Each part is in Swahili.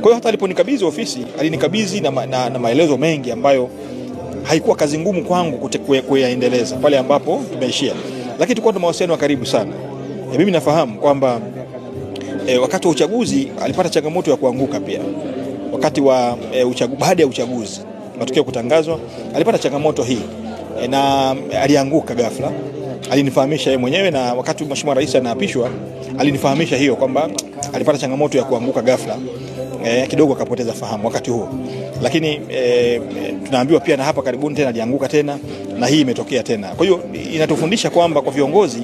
Kwa hiyo hata aliponikabidhi ofisi alinikabidhi na, na, na maelezo mengi ambayo haikuwa kazi ngumu kwangu kuyaendeleza pale ambapo tumeishia, lakini tulikuwa na mawasiliano ya karibu sana. E, mimi nafahamu kwamba e, wakati wa uchaguzi alipata changamoto ya kuanguka pia wakati wa e, uchagu, baada ya uchaguzi matokeo kutangazwa alipata changamoto hii e, na e, alianguka ghafla. Alinifahamisha yeye mwenyewe na wakati Mheshimiwa Rais anaapishwa alinifahamisha hiyo kwamba alipata changamoto ya kuanguka ghafla eh, kidogo akapoteza fahamu wakati huo, lakini eh, eh, tunaambiwa pia na hapa karibuni tena alianguka tena na hii imetokea tena. Kwa hiyo inatufundisha kwamba kwa viongozi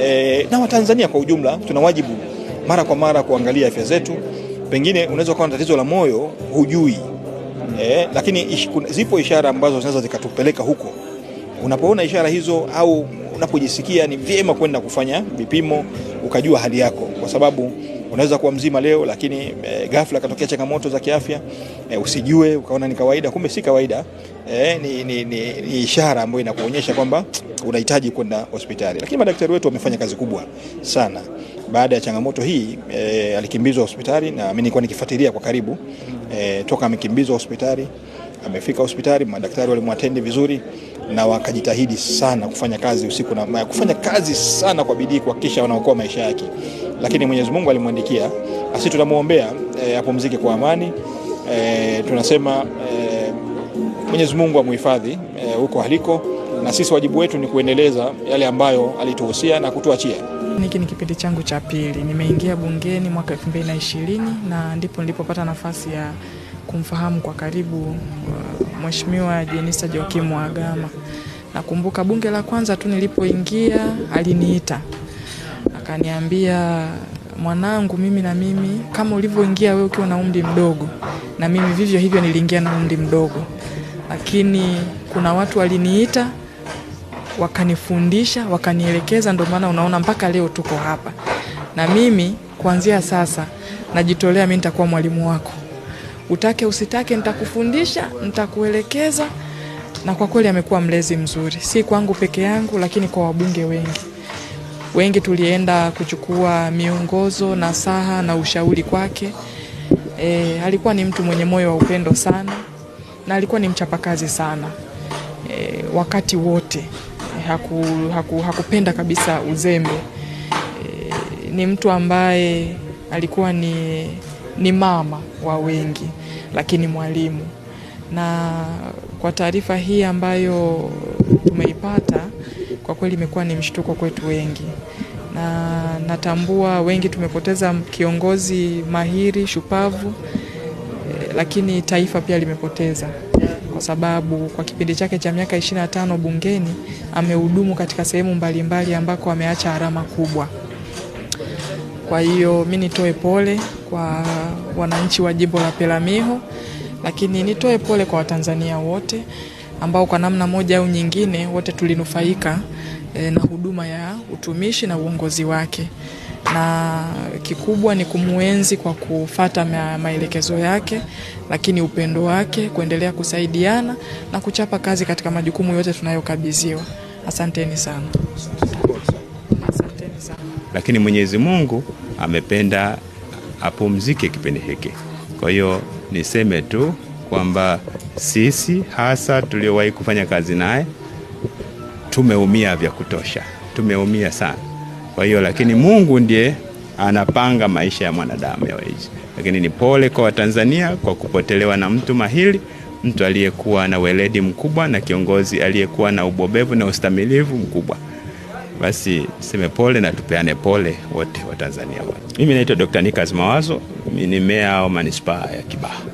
eh, na Watanzania kwa ujumla tuna wajibu mara kwa mara kuangalia afya zetu. Pengine unaweza kuwa na tatizo la moyo hujui, eh, lakini zipo ishara ambazo zinaweza zikatupeleka huko. Unapoona ishara hizo au unapojisikia ni vyema kwenda kufanya vipimo ukajua hali yako, kwa sababu unaweza kuwa mzima leo, lakini e, ghafla katokea changamoto za kiafya e, usijue ukaona ni kawaida, kumbe si kawaida e, ni, ni, ni, ni ishara ambayo inakuonyesha kwamba unahitaji kwenda hospitali. Lakini madaktari wetu wamefanya kazi kubwa sana. Baada ya changamoto hii e, alikimbizwa hospitali na mimi nilikuwa nikifuatilia kwa karibu e, toka amekimbizwa hospitali, amefika hospitali, madaktari walimwatendi vizuri na wakajitahidi sana kufanya kazi usiku na kufanya kazi sana kwa bidii kuhakikisha wanaokoa maisha yake, lakini Mwenyezi Mungu alimwandikia. Asi tunamwombea e, eh, apumzike kwa amani e, tunasema e, Mwenyezi Mungu amuhifadhi huko e, aliko, na sisi wajibu wetu ni kuendeleza yale ambayo alituhusia na kutuachia. Hiki ni kipindi changu cha pili, nimeingia bungeni mwaka 2020 na ndipo nilipopata nafasi ya kumfahamu kwa karibu uh, Mheshimiwa Jenista Joakim Mhagama. Nakumbuka bunge la kwanza tu nilipoingia aliniita akaniambia, mwanangu, mimi na mimi kama ulivyoingia wewe ukiwa na umri mdogo, na mimi vivyo hivyo niliingia na umri mdogo, lakini kuna watu waliniita wakanifundisha wakanielekeza, ndio maana unaona mpaka leo tuko hapa. Na mimi kuanzia sasa najitolea, mimi nitakuwa mwalimu wako utake usitake, nitakufundisha nitakuelekeza. Na kwa kweli amekuwa mlezi mzuri, si kwangu peke yangu, lakini kwa wabunge wengi wengi tulienda kuchukua miongozo, na saha na ushauri kwake. E, alikuwa ni mtu mwenye moyo wa upendo sana na alikuwa ni mchapakazi sana e, wakati wote haku, haku, hakupenda kabisa uzembe e, ni mtu ambaye alikuwa ni ni mama wa wengi, lakini mwalimu. Na kwa taarifa hii ambayo tumeipata, kwa kweli imekuwa ni mshtuko kwetu wengi, na natambua wengi tumepoteza kiongozi mahiri shupavu, eh, lakini taifa pia limepoteza kwa sababu kwa kipindi chake cha miaka 25 bungeni amehudumu katika sehemu mbalimbali ambako ameacha alama kubwa. Kwa hiyo mi nitoe pole kwa wananchi wa jimbo la Peramiho, lakini nitoe pole kwa Watanzania wote ambao kwa namna moja au nyingine wote tulinufaika e, na huduma ya utumishi na uongozi wake, na kikubwa ni kumuenzi kwa kufata maelekezo yake, lakini upendo wake, kuendelea kusaidiana na kuchapa kazi katika majukumu yote tunayokabidhiwa. Asanteni sana, asanteni sana. Lakini Mwenyezi Mungu amependa apumzike kipindi hiki. Kwa hiyo niseme tu kwamba sisi hasa tuliowahi kufanya kazi naye tumeumia vya kutosha, tumeumia sana. Kwa hiyo lakini Mungu ndiye anapanga maisha ya mwanadamu yawaishi, lakini ni pole kwa Watanzania kwa kupotelewa na mtu mahili mtu aliyekuwa na weledi mkubwa na kiongozi aliyekuwa na ubobevu na ustamilivu mkubwa basi tuseme pole na tupeane pole wote Watanzania wote. Mimi naitwa Dr. Nikas Mawazo, ni meya wa manispaa ya Kibaha.